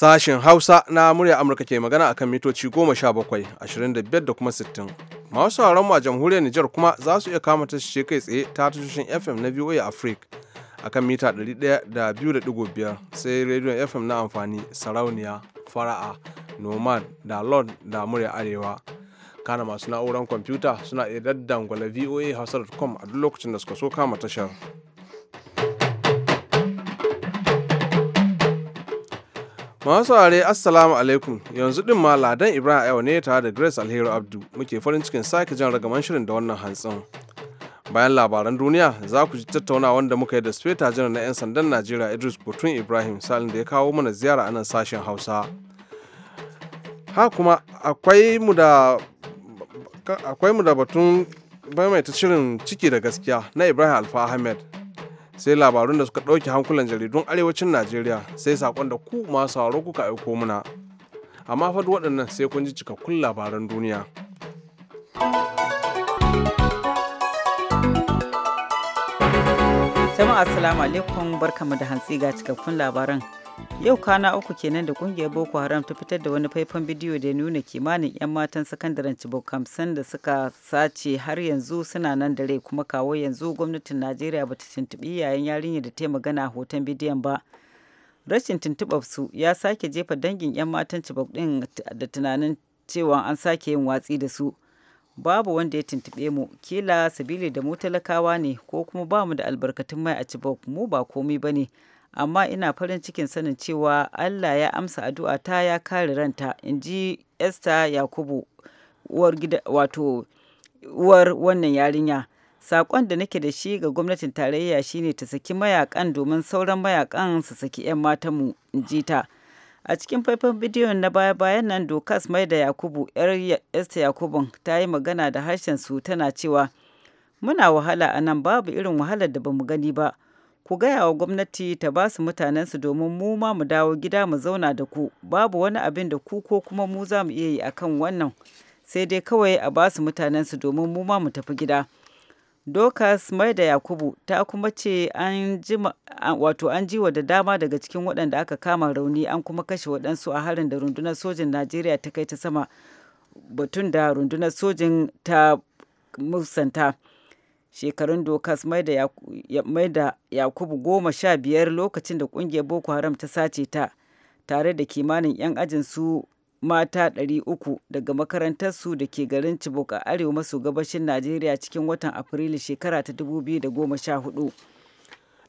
Sashen Hausa na murya Amurka ke magana akan mitoci 17, ashirin da kuma 60. Masu mu a jamhuriyar Nijar kuma za su iya kama tashoshi kai tsaye ta tashoshin FM na VOA Africa akan mita biyar sai rediyon FM na amfani sarauniya, fara'a, nomad, da lord da murya arewa. kana masu na'urar kwamfuta suna iya daddangwala voa hausa.com a duk lokacin da suka so kama tashar. Masu saurare Assalamu alaikum yanzu din ma Ladan Ibrahim Ayo ne tare da Grace Alheri Abdu muke farin cikin sake jan ragaman shirin da wannan hantsin. Bayan labaran duniya za ku ji tattauna wanda muka yi da Speta Janar na 'yan sandan Najeriya Idris Butun Ibrahim salin da ya kawo mana ziyara a nan sashen Hausa. Ha kuma akwai mu da akwai mu da batun shirin ciki da gaskiya na Ibrahim Alfa Ahmed sai labarun da suka ɗauke hankulan jaridun arewacin najeriya sai sakon da ku masu sauraro kuka aiko muna amma fadu waɗannan sai kun ji cikakkun labaran duniya jama'a assalamu alaikum barkamu da hantsi ga cikakkun labaran yau kana uku kenan da kungiyar boko haram ta fitar da wani faifan bidiyo da nuna kimanin 'yan matan sakandaren cibok hamsin da suka sace har yanzu suna nan da rai kuma kawo yanzu gwamnatin najeriya ba ta tuntuɓi yayin yarinya da ta magana hoton bidiyon ba rashin tuntuɓar su ya sake jefa dangin 'yan matan cibok ɗin da tunanin cewa an sake yin watsi da su babu wanda ya tuntuɓe mu kila sabili da mu talakawa ne ko kuma bamu da albarkatun mai a chibok mu ba komi ba ne amma ina farin cikin sanin cewa Allah ya amsa addu'a ta ya kare ranta inji ji Esther Yakubu uwar gida wato uwar wannan yarinya sakon da nake da shi ga gwamnatin tarayya shine ta saki mayakan domin sauran mayakan su saki 'yan matanmu in ji ta a cikin faifan bidiyon na baya-bayan nan dokas mai da yakubu yar esther yakubun ta yi magana da harshen su tana cewa muna wahala anan babu irin wahalar da bamu gani ba ku gaya wa gwamnati ta ba su mutanensu domin mu ma mu dawo gida mu zauna da ku babu wani abin da ku ko kuma mu za mu iya yi akan wannan sai dai kawai a ba su mutanensu domin mu ma mu tafi gida dokas mai da yakubu ta kuma ce an wato an jiwa da dama daga cikin waɗanda aka kama rauni an kuma kashe waɗansu a harin da rundunar sojin najeriya ta kai ta sama batun da rundunar sojin ta musanta shekarun dokas mai da yakubu goma sha biyar lokacin da kungiyar boko haram ta sace ta tare da kimanin 'yan ajin su mata 300 daga makarantarsu da ke garin Chibok a arewa maso gabashin Najeriya cikin watan Afrilu shekara ta da goma 2014.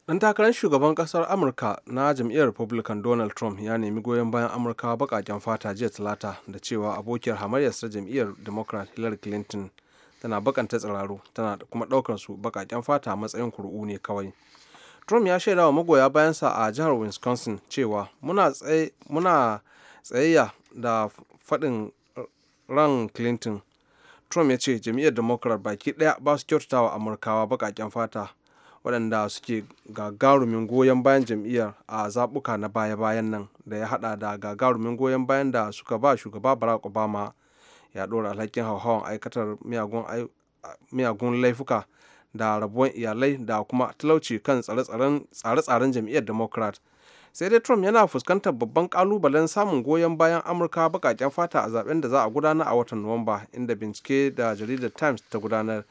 dan takarar shugaban kasar Amurka na jam'iyyar Republican Donald Trump ya nemi goyon bayan Amurkawa bakaken fata jiya Talata da cewa abokiyar hamayyarsa jam'iyyar Democrat Hillary Clinton tana bakanta tsiraro tana kuma daukar su bakaken fata matsayin kuru'u ne kawai trump ya shaida wa magoya bayansa a jihar wisconsin cewa muna tsayayya da faɗin ran clinton trump ya ce jam'iyyar democrat baki ɗaya ba su kyautata wa amurkawa bakaken fata waɗanda suke gagarumin goyon bayan jam'iyyar a zaɓuka na baya-bayan nan da ya haɗa da gagarumin goyon bayan da suka ba shugaba barack obama ya ɗora alhakin hauhawan aikatar miyagun laifuka da rabuwan iyalai da kuma talauci kan tsare-tsaren jam'iyyar democrat sai dai trump yana fuskantar babban kalubalen samun goyon bayan amurka bakaken fata a zaben da za a gudana a watan nuwamba inda bincike da jaridar times ta gudanar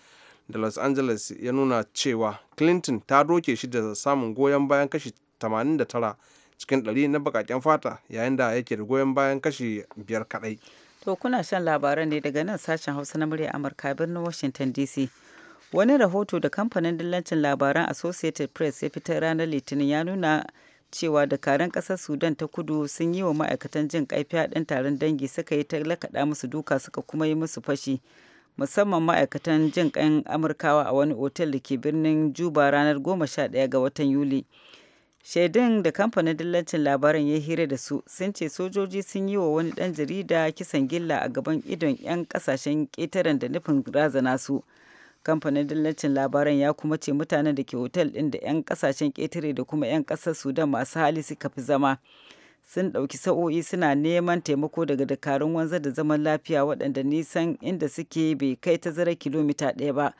da los angeles ya nuna cewa clinton ta doke shi da samun goyon bayan kashi 89 cikin 100 na bakaken fata yayin da yake da goyon bayan kashi 5 kadai To kuna shan labaran ne daga nan sashen Hausa na murya Amurka birnin Washington DC. Wani rahoto da kamfanin dillancin labaran Associated Press ya fitar ranar Litinin ya nuna cewa dakaran ƙasar Sudan ta kudu sun yi wa ma'aikatan jin kai haɗin taron dangi suka yi ta lakaɗa musu duka suka kuma yi musu fashi. Musamman ma'aikatan jin ƙan Amurkawa a wani otel da ke birnin Juba ranar 11 ga watan Yuli. Shaidun da kamfanin dillancin labaran ya hira da su sun ce sojoji sun yi wa wani ɗan jarida kisan gilla a gaban idon 'yan kasashen ƙetaren da nufin razana su. Kamfanin dillancin labaran ya kuma ce mutanen da ke otal ɗin da 'yan kasashen ƙetare da kuma 'yan ƙasar Sudan masu hali suka fi zama. Sun ɗauki sa'o'i suna neman taimako daga dakarun wanzar da zaman lafiya waɗanda nisan inda suke bai kai tazarar kilomita ɗaya ba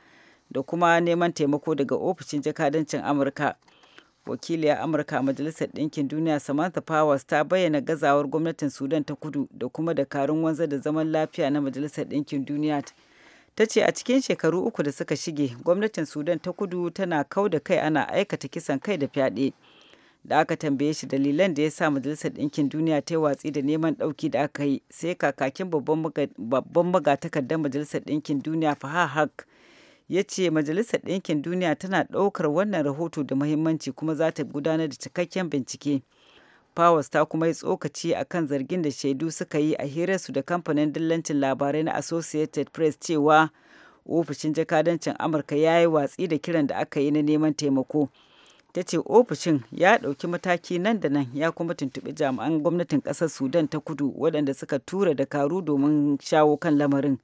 da kuma neman taimako daga ofishin jakadancin Amurka. wakiliya amurka a majalisar ɗinkin duniya samantha powers ta bayyana gazawar gwamnatin sudan ta kudu da kuma dakarun wanzar da zaman lafiya na majalisar ɗinkin duniya ta ce a cikin shekaru uku da suka shige gwamnatin sudan ta kudu tana kau da kai ana aikata kisan kai da fyaɗe da aka tambaye shi dalilan da ya sa majalisar ɗinkin duniya ta yi watsi da neman ɗauki da aka yi sai kakakin babban magatakardar majalisar ɗinkin duniya fahad haq ya ce majalisar ɗinkin duniya tana ɗaukar wannan rahoto da muhimmanci kuma za ta gudanar da cikakken bincike powers ta kuma yi tsokaci a kan zargin da shaidu suka yi a hirarsu da kamfanin dillancin labarai na associated press cewa ofishin jakadancin amurka ya yi watsi da kiran da aka yi na neman taimako ta ce ofishin ya ɗauki mataki nan da nan ya kuma tuntuɓi jami'an gwamnatin ƙasar sudan ta kudu waɗanda suka tura dakaru domin shawo kan lamarin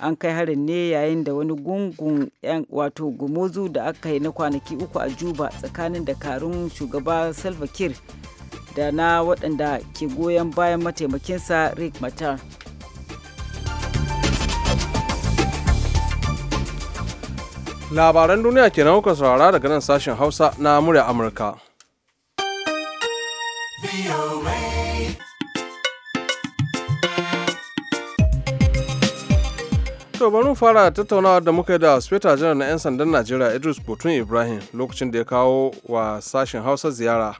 an kai harin ne yayin da wani gungun yan wato gumuzu da aka yi na kwanaki uku a juba tsakanin dakarun shugaba salva kir da na waɗanda ke goyon bayan mataimakinsa rick matar labaran duniya ke kuka saurara daga nan sashen hausa na murya amurka VOA. To bari mu fara tattaunawa da muka yi da Sweta Janar na 'yan sandan Najeriya Idris Botun Ibrahim lokacin da ya kawo wa sashen Hausa ziyara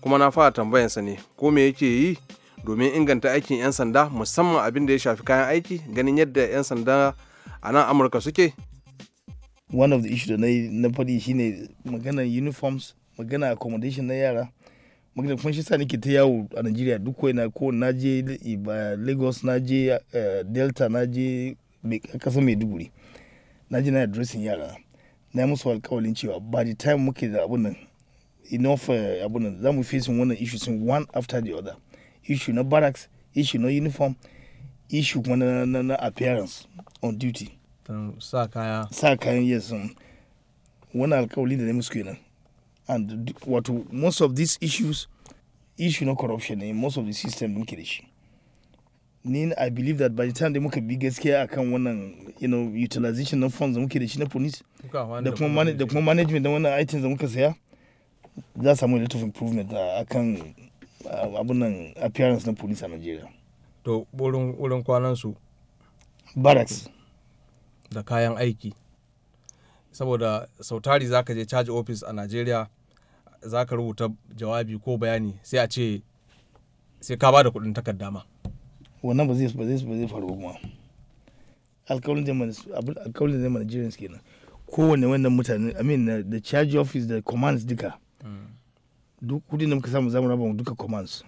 kuma na fara tambayansa ne ko me yake yi domin inganta aikin 'yan sanda musamman abin da ya shafi kayan aiki ganin yadda 'yan sanda a nan Amurka suke? One of the issues da na yi na faɗi ne magana uniforms, magana accommodation na yara, magana kuma shi sa nake ta yawo a Najeriya duk na ko na je eh, Lagos na je eh, Delta na je ƙasar maiduguri na ji na addressing yara na yi musu alkawalin cewa by the time muke da abun nan enough eh, abun nan za mu facing wannan issues one after the other issue na barracks issue na uniform issue kuma na, na, na appearance on duty sa kaya sa kayan yes um, wannan alkawalin da na musu kenan and wato most of these issues issue na corruption ne most of the system din ke da shi ni i believe that by the time da muka bi gaskiya akan wannan you know utilization na funds da muke da shi na police da kuma da kuma management da wannan items da muka saya za samu a little improvement uh, akan uh, abun nan appearance na police a Nigeria to wurin wurin kwanan su barracks da kayan aiki saboda sautari zaka je charge office a Nigeria zaka rubuta jawabi ko bayani sai a ce sai ka ba da kuɗin takarda wannan ba zai ba zai ba zai faru kuma alƙawarin da mana alƙawarin da mana Nigerians kenan wannan mutane I mean the charge office da commands duka hmm. duk kudin da muka samu zamu raba duka commands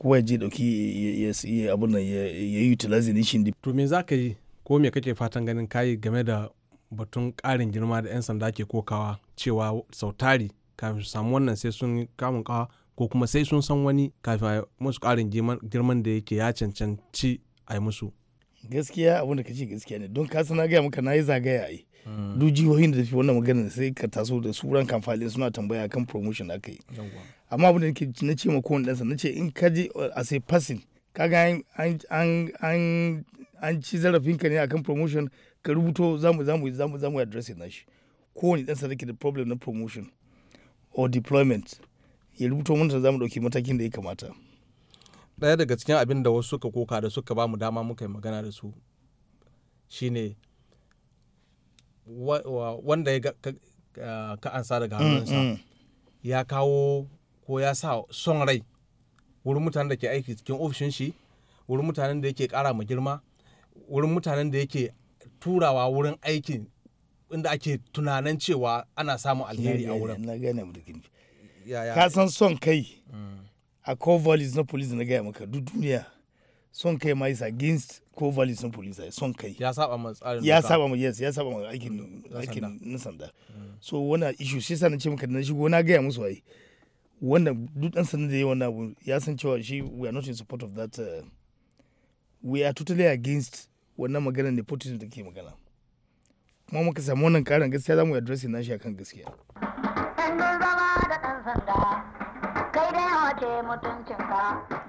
kowa ya je dauki ya abun nan ya utilize ne shi to me zaka yi ko me kake fatan ganin kayi game da batun karin girma da 'yan sanda ke kokawa cewa sautari kafin su samu wannan sai sun kamun kawa ko kuma sai sun san wani kafin a musu ƙarin girman da yake ya cancanci a yi musu gaskiya abin da kace gaskiya ne don kasa na gaya maka na yi zagaya ai duk jihohin da tafi wannan maganar sai ka taso da su ran suna tambaya kan promotion aka yi amma abin da nake na ce ma kowane ɗansa na ce in ka je uh, a sai passing kaga an an ci zarafinka ne akan promotion ka rubuto zamu zamu zamu zamu addressing nashi kowane ɗansa da ke da problem na promotion or deployment ya rubuto mana za mu ɗauki matakin da ya kamata ɗaya daga cikin abin da wasu suka koka da suka ba mu dama muka yi magana da su shine wanda ya ka ansa daga mm, hannunsa mm. ya kawo ko ya sa son rai wurin mutanen da ke aiki cikin ofishin shi wurin mutanen da yake kara ma girma wurin mutanen da yake turawa wurin aikin inda ake tunanin cewa ana samun alheri a wurin ka san son kai a covalis na police na gaya maka duk duniya son kai ma isa against covalis na police son kai ya saba ma tsarin ya saba ma yes ya saba ma aikin aikin na sanda so wannan issue shi sa na ce maka na shigo na gaya musu ai wannan duk dan sanin da yayi wannan abu ya san cewa shi we are not in support of that uh, we are totally against wannan maganar nepotism da ke magana kuma muka samu wannan karin gaskiya za mu addressing nashi akan gaskiya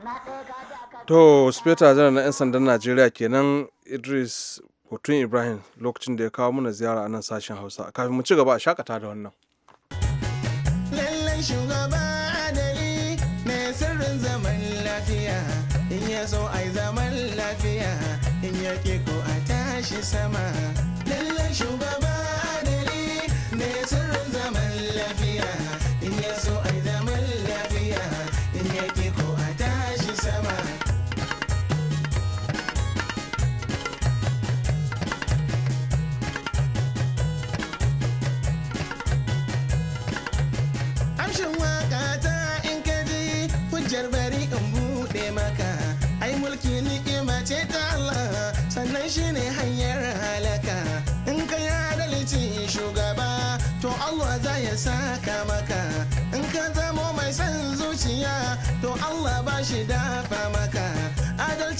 na to speta janar na 'yan sandan najeriya kenan idris hotun ibrahim lokacin da ya kawo mana ziyara a nan sashen hausa kafin mu ci gaba a shakata da wannan lallai shugaba adali ne sirrin zaman lafiya in ya so ai zaman lafiya in ya ko a tashi sama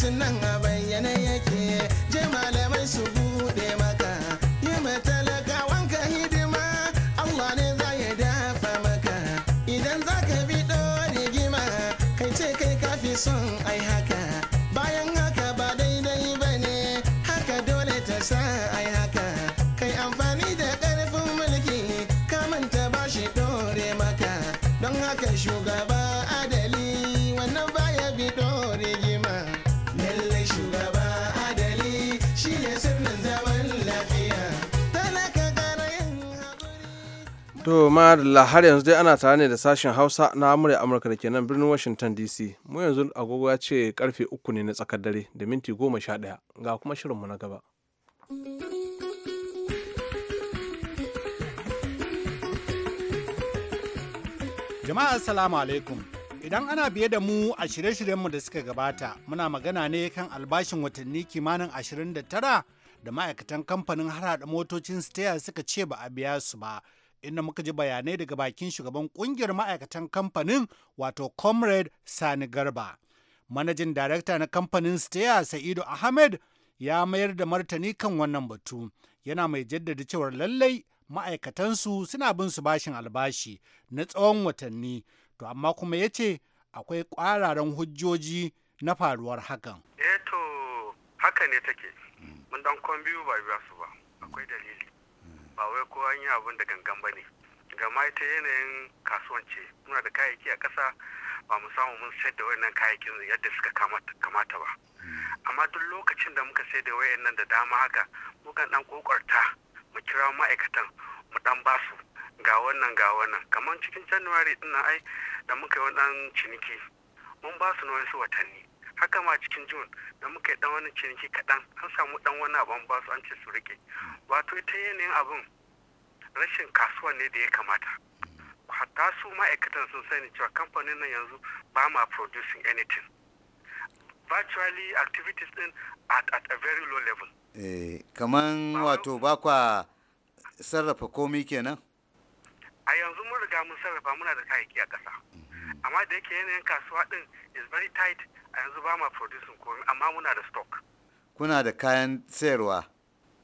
karatun nan a bayyana yake je malamai su bude maka yi matalakawan ka hidima Allah ne za ya dafa maka idan za ka bi gima, kai ce kai kafi son ai haka bayan haka ba daidai ba ne haka dole ta sa ai haka kai amfani da ƙarfin mulki ka manta ba shi maka don haka shugaba To da har yanzu dai ana tare ne da sashen Hausa na Amurka Amurka da ke birnin Washington DC. Mu yanzu agogo ya ce karfe uku ne na tsakar dare da minti goma sha ɗaya ga kuma shirinmu na gaba. Jama'a Assalamu alaikum. Idan ana biye da mu a shirye-shiryenmu da suka gabata, muna magana ne kan albashin watanni kimanin 29 da ma'aikatan kamfanin harhaɗa motocin Steya suka ce ba a biya su ba. inda muka ji bayanai daga bakin shugaban kungiyar ma'aikatan kamfanin wato comrade sani garba manajin darakta na kamfanin steya sa'idu ahmed ya mayar da martani kan wannan batu yana mai jaddada cewar lallai ma'aikatansu suna bin su bashin albashi na tsawon watanni to amma kuma ya ce akwai ƙwararen hujjoji na faruwar hakan. eto eh haka ne take mun dan kwan biyu ba biya su ba akwai dalili ba wai ko an yi abin da gangan ba ne gama ita yanayin kasuwanci muna da kayayyaki a ƙasa ba mu samu mun sayar da wayannan kayayyakin yadda suka kamata ba hmm. amma duk lokacin da muka sayar da wayannan da dama haka mukan dan kokarta mu kira ma'aikatan mu dan su ga wannan ga wannan kamar cikin january din ai da muka yi wannan ciniki mun ba su na wasu watanni haka ma cikin june da muka yi dan wani ciniki kaɗan an samu dan wani abin ba su an ce su rike wato ita yanayin abin rashin kasuwan ne da ya kamata hatta su ma'aikatan sun sani cewa kamfanin nan yanzu ba ma producing anything virtually activities din at, at a very low level eh kaman wato ba kwa sarrafa komi kenan a yanzu mun riga mun sarrafa muna da kayayyaki a ƙasa mm-hmm. amma da yake yanayin kasuwa din is very tight a yanzu ba ma producing komai amma muna da stock kuna da kayan sayarwa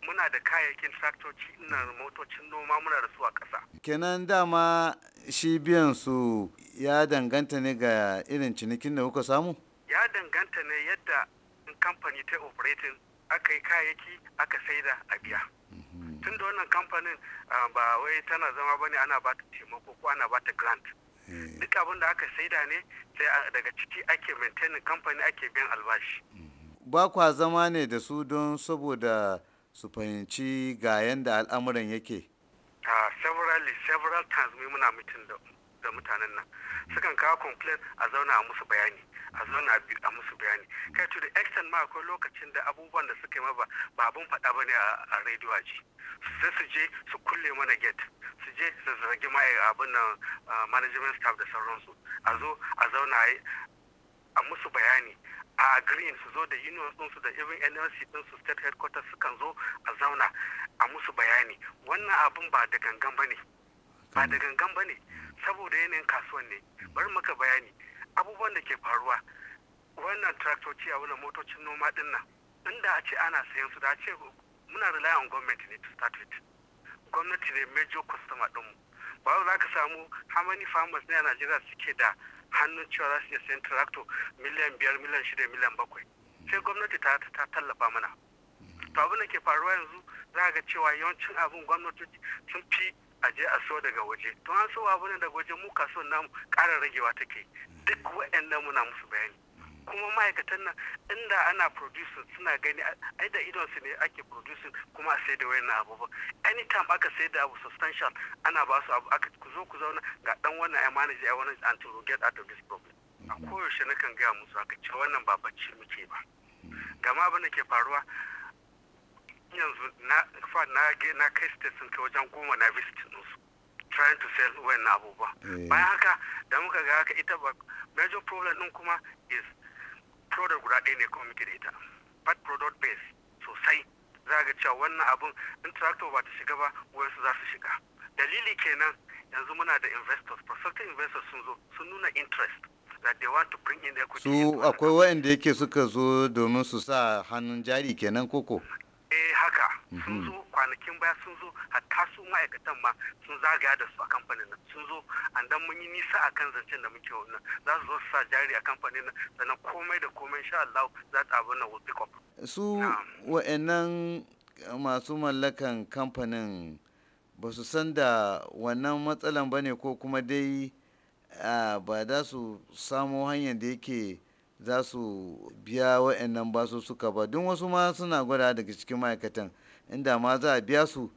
muna da kayayyakin traktoci ina motocin noma muna da su a ƙasa kenan dama shi biyan su ya danganta ne ga irin cinikin da kuka samu ya danganta ne yadda in kamfani ta operating aka yi kayayyaki aka saida a biya mhm. tun da wannan kamfanin ah, ba wai tana zama bane ana ba ta taimako ko ana ba ta grant Eh. duk abin da aka saida ne sai daga ciki ake maintaining kamfani ake biyan albashi mm. ba kwa zama ne da su don saboda su fahimci ga yadda al'amuran yake ah, several several times muna mutum da mutanen nan sukan kawo complain a zauna a musu bayani a zauna a musu bayani kai to the extent ma akwai lokacin da abubuwan da suka yi ma ba abun faɗa ba ne a radio a ji sai su je su kulle mana gate su je su zargi ma eh, abin nan ah, management staff da sauransu a zo a zauna a musu bayani a green su zo da unions ɗinsu da even nlc ɗinsu state headquarters su kan zo a zauna a musu bayani wannan abin ba da gangan ba ne ba da gangan ba ne saboda yanayin kasuwan ne bari maka bayani abubuwan da ke faruwa wannan traktoci a wannan motocin noma din nan inda a ce ana sayan su da a ce muna rely on government ne to start with gwamnati ne major customer din ba za ka samu how many farmers ne a Najeriya suke da hannun cewa za su iya sayan tractor miliyan biyar miliyan shida miliyan bakwai sai gwamnati ta ta tallafa mana to abin da ke faruwa yanzu za ga cewa yawancin abin gwamnati sun fi so daga waje to an so abu ne daga waje mu kasuwan namu ƙara ragewa take duk waɗannan muna musu bayani kuma ma'aikatan nan inda ana producing suna gani ai da idon su ne ake producing kuma a sai da wayannan any anytime aka sai da abu substantial ana ba su abu aka ku zo ku zauna ga dan wannan ai manage ai wannan an to get out of this problem a mm. koyaushe na kan gaya musu aka ce wannan ba bacci muke ba mm. gama abin da ke faruwa yanzu na na na kai state sun kai wajen goma na visit trying to sell wayannan abubuwa eh. bayan haka da muka ga haka ita ba major problem din kuma is product guda ɗaya ne kuma muke da ita but product base sosai za ga cewa wannan abun in tractor ba ta shiga ba wasu za su shiga dalili kenan yanzu muna da investors prospective investors sun zo sun nuna interest that they want to bring in equity su akwai wayanda yake suka zo domin su sa hannun jari kenan koko sun mhm. zo kwanakin baya sun zo hatta su ma'aikatan ma sun zagaya da su a kamfanin nan sun zo an dan mun yi nisa a kan zancen da muke wannan za su zo su sa jari a kamfanin nan sannan komai da komai insha Allah za ta abin nan will pick su wa'annan masu mallakan kamfanin ba su san da wannan matsalan ba ne ko kuma dai ba za su samo hanyar da yake za su biya wa'annan basu suka ba don wasu ma suna gwada daga cikin ma'aikatan inda ma za a biya su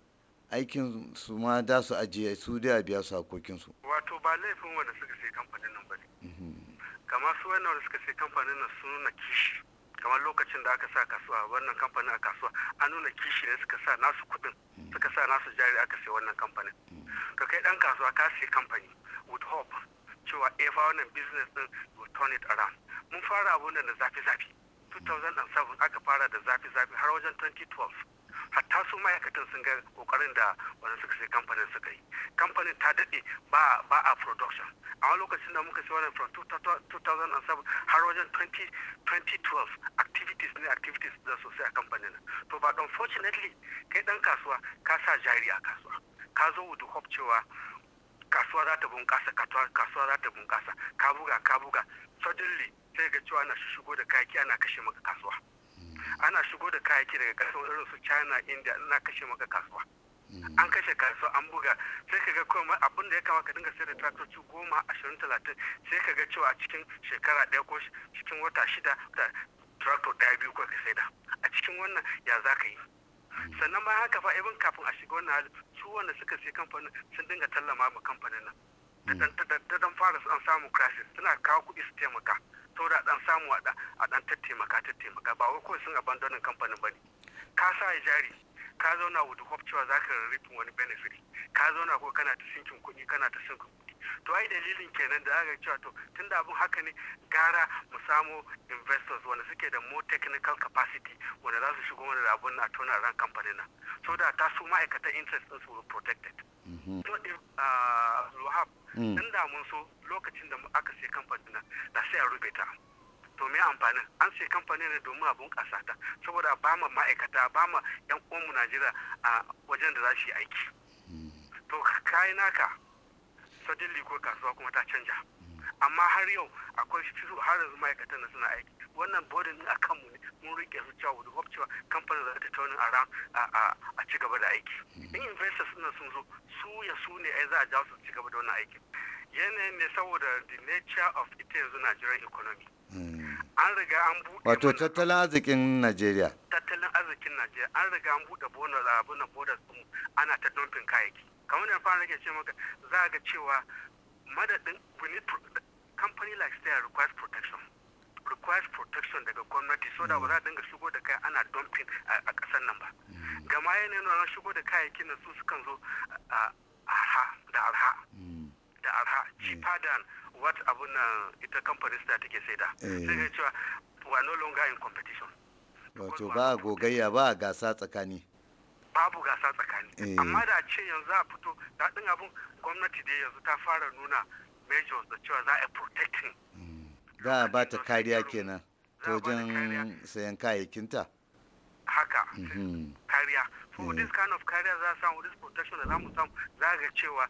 aikin su ma da su ajiye su dai a biya su su. wato ba laifin wanda suka sai kamfanin nan ba ne mhm. kamar su wannan wanda suka sai kamfanin nan sun nuna kishi kamar lokacin da aka sa kasuwa wannan kamfanin a kasuwa an nuna kishi ne suka sa nasu kuɗin mhm. suka sa nasu jari aka sai wannan kamfanin mhm. ka kai dan kasuwa ka sai kamfani with hope cewa efa eh, wannan business din will turn it around mun fara abun da zafi-zafi 2007 aka fara da zafi-zafi har wajen 2012 hatta su ma'aikatan sun ga kokarin da wani suka sai kamfanin suka yi kamfanin ta daɗe ba ba a production a wani lokacin da muka sai wannan from 2007 har wajen 2012 activities ne activities da sosai a kamfanin to ba unfortunately kai dan kasuwa ka sa jari a kasuwa ka zo wudu hope cewa kasuwa za ta bunƙasa kasuwa za ta bunƙasa ka buga ka buga suddenly sai ga cewa ana shigo da kayaki ana kashe maka kasuwa ana shigo da kayayyaki daga kasuwa irin su china india ina kashe maka kasuwa hmm. an kashe kasuwa an buga sai ka ga kawai abin da ya kama ka dinga sai da traktoci goma ashirin talatin sai ka ga cewa a cikin shekara ɗaya ko cikin wata shida da traktor ɗaya biyu kawai ka da a cikin wannan ya za ka yi hmm. sannan ma haka fa ibin kafin a shiga wannan hali su wanda suka sai kamfanin sun dinga tallama ma kamfanin nan da hmm. dan fara an samu crisis suna kawo kuɗi su taimaka to dan samu a dan tattaimaka tattaimaka ba wai kawai sun abandonin kamfanin ba ne ka sa jari ka zauna wudu hope cewa za ka rarrafi wani benefit ka zauna ko kana ta sinkin kuɗi kana ta sinkin kuɗi to ai dalilin kenan da za ka cewa to tun da abin haka ne gara mu samu investors wanda suke da more technical capacity wanda za su shigo wani da na tona ran kamfanin nan so da ta su ma'aikatan interest su protected. Mhm. So uh, in mm. da mun so lokacin da aka sai kamfanin da sai a rufe ta to me amfanin an sai kamfanin ne domin a bunƙasa ta saboda ba ma ma'aikata ba ma yan uwanmu Najeriya a wajen da za su yi aiki mm. to kai naka suddenly ko kasuwa kuma ta canja mm. amma har yau akwai har yanzu ma'aikatan da suna aiki wannan bodin a kanmu ne mun rike su cewa with hope cewa kamfanin za ta turning around a ci gaba da aiki hmm. in investors suna sun zo su ya su ne ai za a jawo su ci gaba da wannan aiki yanayin ne saboda the nature of ita yanzu Nigerian economy hmm. an riga an bude. wato tattalin arzikin nigeria tattalin arzikin nigeria an riga an bude bonus abun na bonus ana ta dumping kayayyaki kamar da fara nake ce maka za ga cewa madadin we need company like stay requires protection requires protection daga gwamnati so da ba za a dinga shigo da kai ana dumping a kasar nan ba mm. gama ne na shigo da kayayyakin na su sukan zo arha da arha mm. da arha mm. cheaper than what abun na ita companies da take saida eh. sai ga cewa we are no longer in competition wato ba gogayya ba gasa tsakani babu gasa tsakani eh. amma da ce yanzu a fito daɗin abun gwamnati da yanzu ta fara nuna measures da cewa za a protecting za a ba ta kariya kenan ta wajen sayan kayayyakinta haka mhm. kariya so mm. this kind of kariya za samu this protection da za mu samu za ga cewa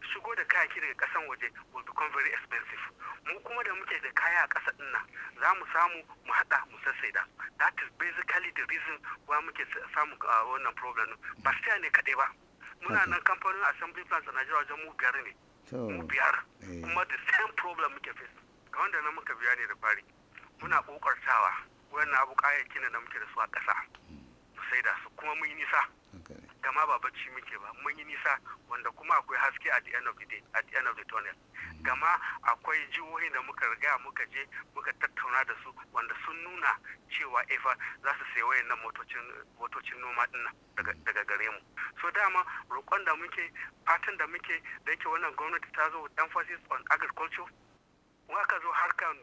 shigo da kayayyaki daga kasan waje will become very expensive mu kuma da muke da kaya a kasa dinna za mu samu mu hada mu sassaida that is basically the reason why muke samu wannan problem ba sai ne kade ba muna nan kamfanin assembly plants a Najeriya wajen mu biyar ne mu biyar eh. kuma the same problem muke face ga wanda na muka biya ne da fari muna kokartawa wannan abu kayayyakin da muke da su a ƙasa mu sai da su kuma mun yi nisa gama ba bacci muke ba mun yi nisa wanda kuma akwai haske at the end of the day at the end of the tunnel hmm. gama akwai jihohi da muka riga muka je muka tattauna da su wanda sun nuna cewa efa eh za su sayi nan motocin motocin noma din hmm. daga gare mu so dama roƙon da muke fatan da muke da yake wannan gwamnati ta zo emphasis on agriculture in aka zo harkar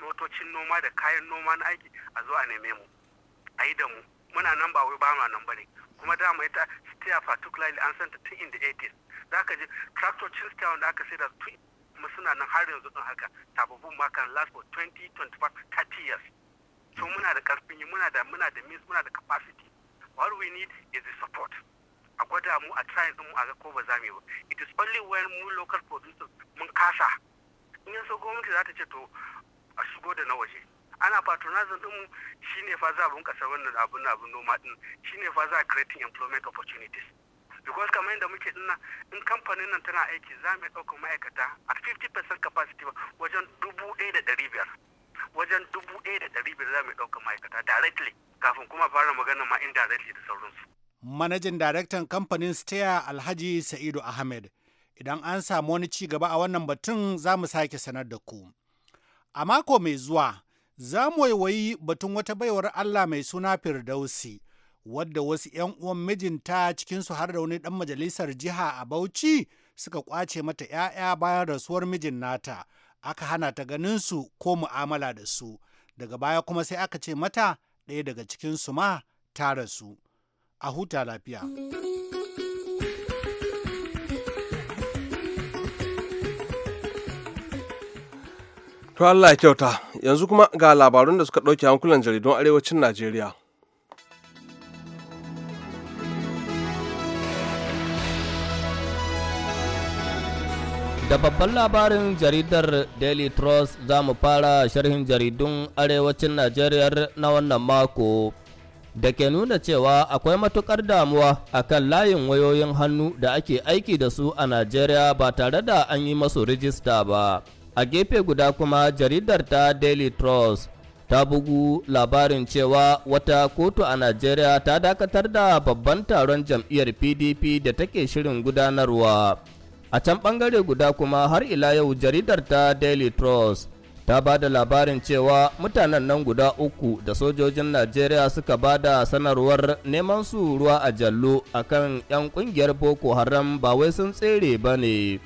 motocin noma da kayan noma na aiki a zo a neme mu a yi da mu muna nan ba wai ba ma nan bane kuma dama ita steer particularly an santa tun in the 80s za ka ji tractocin stay wanda aka saida tun kuma suna nan har yanzu din haka tababun ma kan last for 20 25 30 years so muna da karfin yi muna da muna da means muna da capacity what we need is the support a gwada mu a try mu a ga ko ba za mu yi ba it is only when mu local producers mun kasa in so gwamnati za ta ce to a shigo da na waje ana patronizing din shine fa za a kasar wannan abun abun noma din shine fa za a creating employment opportunities because kamar yadda muke dinnan in kamfanin nan tana aiki za mu ɗaukar ma'aikata a 50% capacity wajen dubu ɗaya da ɗari biyar wajen dubu ɗaya da ɗari biyar za mu ɗaukar ma'aikata directly kafin kuma fara magana ma indirectly da sauransu. Managing Director kamfanin Steya Alhaji Sa'idu Ahmed Idan an samu wani ci gaba a wannan batun za mu sake sanar da ku. A mako mai zuwa, za mu waiwayi batun wata baiwar Allah mai suna Firdausi, wadda wasu 'yan uwan mijinta cikinsu har da wani ɗan majalisar jiha a Bauchi suka ƙwace mata 'ya'ya bayan rasuwar mijin nata, aka hana ta ganin su ko mu'amala da su. Daga baya kuma sai aka ce mata ɗaya daga cikinsu ma ta rasu. A huta lafiya. To Allah ya kyauta, yanzu kuma ga labarun da suka ɗauke hankulan jaridun arewacin Najeriya. Da babban labarin jaridar Daily Trust za mu fara sharhin jaridun arewacin Najeriya na wannan mako. Da ke nuna cewa akwai matukar damuwa akan layin wayoyin hannu da ake aiki da su a Najeriya ba tare da an yi masu rijista ba. a gefe guda kuma jaridar ta daily trust ta bugu labarin cewa wata kotu a najeriya ta dakatar da babban taron jam'iyyar pdp da take shirin gudanarwa a can bangare guda kuma har ila yau jaridar ta daily trust ta ba da labarin cewa mutanen nan guda uku da sojojin najeriya suka ba da sanarwar neman su ruwa a jallo akan 'yan kungiyar boko haram ba wai sun tsere ba ne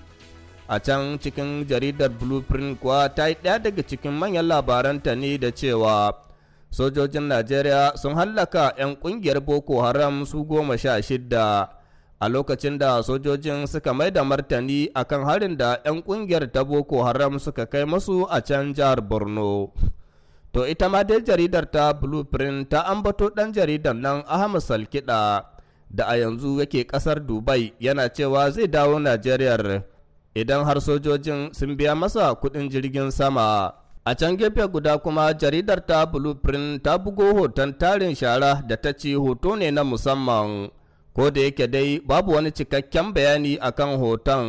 a can cikin jaridar blueprint kuwa ta yi ɗaya daga cikin manyan labaranta ne da cewa sojojin najeriya sun hallaka 'yan ƙungiyar boko haram su goma sha shidda a lokacin da sojojin suka mai da martani kan harin da 'yan ƙungiyar ta boko haram suka kai masu a can jihar borno to ita ma dai jaridar ta blueprint ta ambato ɗan jaridar nan ahmad salkiɗa da a yanzu yake ƙasar dubai yana cewa zai dawo najeriyar idan har sojojin sun biya masa kuɗin jirgin sama. A can gefe guda kuma jaridar ta Blueprint ta bugo hoton tarin shara da ta ce hoto ne na musamman, ko da yake dai babu wani cikakken bayani akan hoton.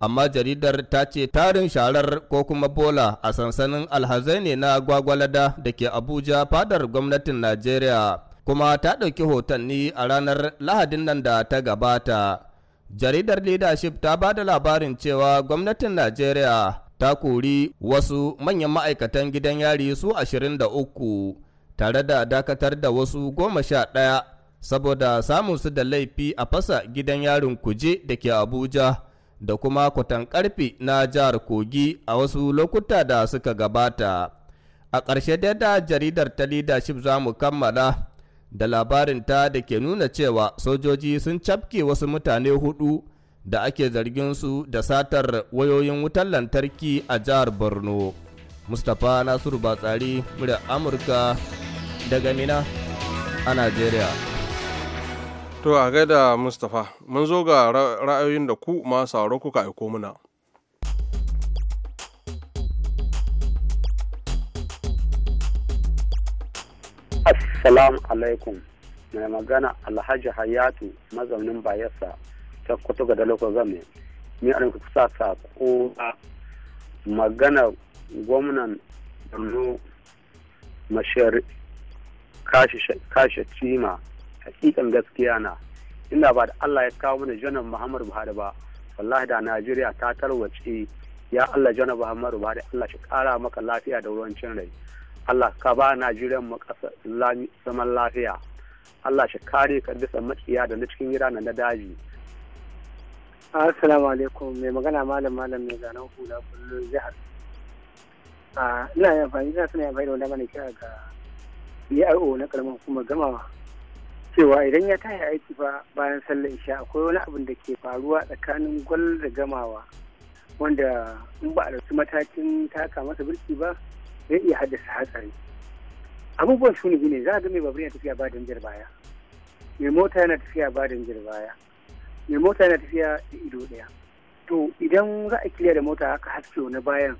Amma jaridar ta ce tarin sharar ko kuma bola a sansanin alhazai ne na gwagwalada da ke Abuja fadar gwamnatin Najeriya, kuma ta ɗauki hoton ne a ranar Lahadin nan da ta gabata. Jaridar Leadership ta ba da labarin cewa gwamnatin Najeriya ta kori wasu manyan ma'aikatan gidan yari su 23 tare da dakatar da wasu goma sha ɗaya saboda samun su da laifi a fasa gidan yarin kuje da ke Abuja da kuma kwatan karfe na jihar Kogi a wasu lokuta da suka gabata. A ƙarshe da jaridar ta leadership za mu kammala. da labarinta da ke nuna cewa sojoji sun cafke wasu mutane hudu da ake zargin su da satar wayoyin wutar lantarki a jihar borno mustapha nasiru batsari murya amurka daga mina a nigeria. to a gaida mustapha mun zo ga ra'ayoyin da ku masu sauro kuka aiko mana salamu alaikum. Mai magana Alhaji Hayatu mazaunin Bayelsa ta kwato ga Daloko Zame. Ni a ku sa sako magana gwamnan Borno Mashar kashe cima hakikan gaskiya na inda ba da Allah ya kawo mana janar Muhammadu Buhari ba wallahi da Najeriya ta tarwace ya Allah janar Muhammadu Buhari Allah shi kara maka lafiya da ruwan cin rai Allah ka ba Najeriya mu zaman lafiya Allah shi kare ka bisa maciya da na cikin gida na daji Assalamu alaikum mai magana malam malam mai zanen hula kullum jihar ina yin amfani ina suna amfani da wanda mana kira ga DRO na karamin hukumar gamawa cewa idan ya tashi aiki ba bayan sallar isha akwai wani abin da ke faruwa tsakanin gwal da gamawa wanda in ba a ɗauki matakin taka masa birki ba zai iya haddasa hatsari abubuwan su ne za a ga mai babur yana tafiya ba da jirgin baya mai mota yana tafiya ba da jirgin baya mai mota yana tafiya da ido ɗaya to idan za a kiliya da mota haka haske wani bayan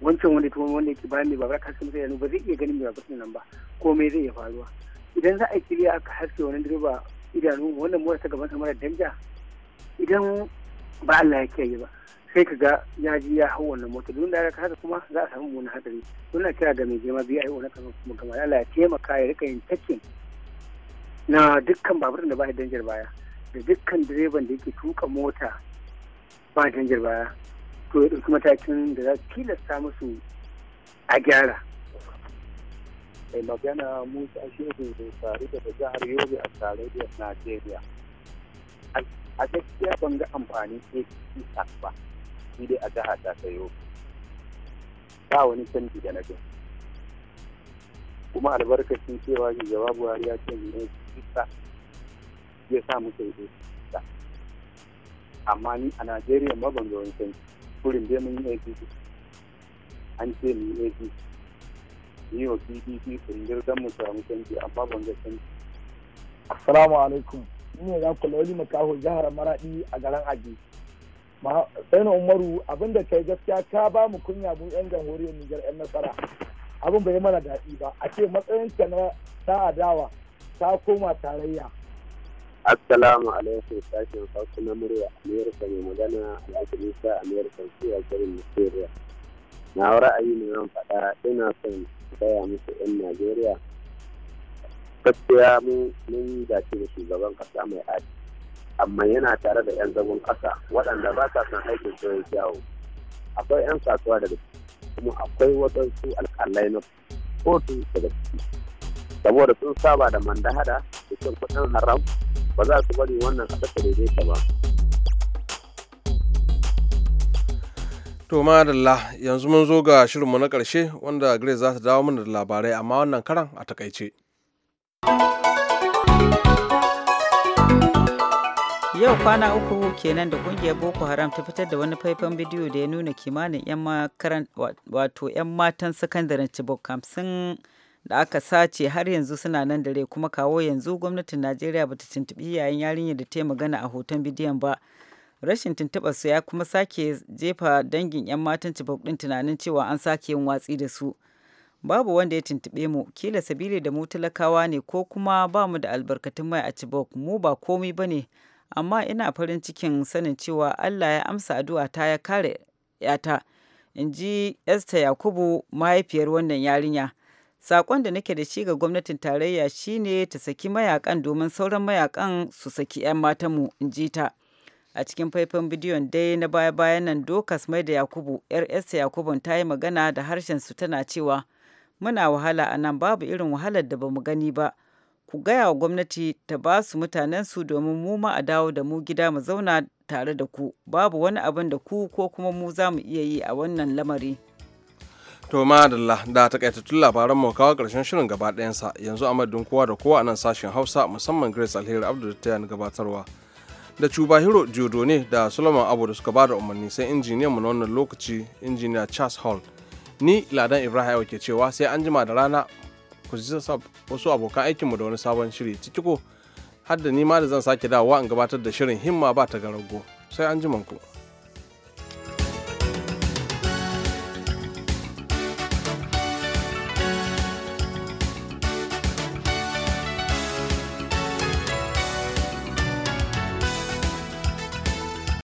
wancan wanda kuma wanda yake bayan mai babur aka haske masa ba zai iya ganin mai babur nan ba komai zai iya faruwa idan za a kiliya aka haske wani direba idanu wannan mota ta gaban sa mara danja idan ba Allah ya kiyaye ba sai ka ga ya ji ya hau wannan mota don da haka kuma za a samu wani hadari. suna kira da mai girma biya a yi wani kama kuma kamar Allah ya taimaka ya rika yin takin na dukkan babur da ba danjar baya da dukkan direban da yake tuka mota ba danjar baya to ya ɗauki matakin da za su tilasta musu a gyara. mai magana musa shehu da tare daga jihar yobe a tarayyar najeriya a gaskiya ban ga amfani ke ba shi dai a jiha ta sayo ba wani canji da na ga kuma albarkacin cewa shugaba buhari ya ce ne kisa ya sa mu sai dai amma ni a najeriya ma ban ga wani canji kurin dai mun yi apc an ce mun yi apc ni wa pdp kundin don mu samu canji amma ban ga canji assalamu alaikum ni ne za ku lauli makaho jihar maradi a garin ajiye Sainu Umaru abinda kai gaskiya ka ba mu kunya mu 'yan jamhuriyar Nijar 'yan nasara. Abin bai mana daɗi ba. A ce matsayin ka na ta adawa ta koma tarayya. Assalamu alaikum sashen Hausa na murya Amerika mai magana Alhaji Isa Amerika ce a garin Nigeria. Na ra'ayi ne zan faɗa ina son gaya musu 'yan Najeriya. Gaskiya mun dace da shugaban ƙasa mai adalci. amma yana tare da 'yan zagon ƙasa waɗanda ba sa son aikin su kyawu akwai 'yan kasuwa daga kuma akwai waɗansu alƙalai na kotu daga ciki saboda sun saba da mandahada da cin kuɗin haram ba za su bari wannan ƙasa ta ba. To madalla yanzu mun zo ga shirinmu na ƙarshe wanda Grace za ta dawo mana da labarai amma wannan karan a takaice. yau kwana uku kenan da kungiyar boko haram ta fitar da wani faifan bidiyo da ya nuna kimanin 'yan wato 'yan matan sakandaren chibok hamsin da aka sace har yanzu suna nan dare kuma kawo yanzu gwamnatin najeriya bata tuntubi yayin yarinyar da ta yi magana a hoton bidiyon ba rashin tuntuɓar su ya kuma sake jefa dangin 'yan matan cibok din tunanin cewa an sake yin watsi da su babu wanda ya tuntuɓe mu kila sabili da mu talakawa ne ko kuma ba mu da albarkatun mai a cibok mu ba komai ba ne amma ina farin cikin sanin cewa Allah ya amsa addu'ata ya kare yata in ji Esther Yakubu mahaifiyar wannan yarinya. Sakon da nake da shi ga gwamnatin tarayya shine ta saki mayakan domin sauran mayakan su saki 'yan matanmu in ji ta. A cikin faifan bidiyon dai na baya-bayan nan Dokas mai da Yakubu, 'yar Esther Yakubun ta yi magana da harshen su tana cewa muna wahala anan babu irin wahalar da bamu gani ba. ku gaya wa gwamnati ta ba su mutanensu domin mu ma a dawo da mu gida mu zauna tare da ku babu wani abin da ku ko kuma mu za mu iya yi a wannan lamari to madalla da takaitattun labaran mu kawo karshen shirin gaba ɗayansa yanzu amadun kowa da kowa nan sashen hausa musamman grace alheri abdul tayan gabatarwa da hero jodo ne da Solomon Abu da suka ba da umarni sai injiniyan mu na wannan lokaci injiniya Charles Hall. Ni Ladan Ibrahim ke cewa sai an jima da rana ku wasu abokan aikinmu da wani sabon shiri cikiko har da ni ma da zan sake dawowa in gabatar da shirin himma ba ta garago sai an ku.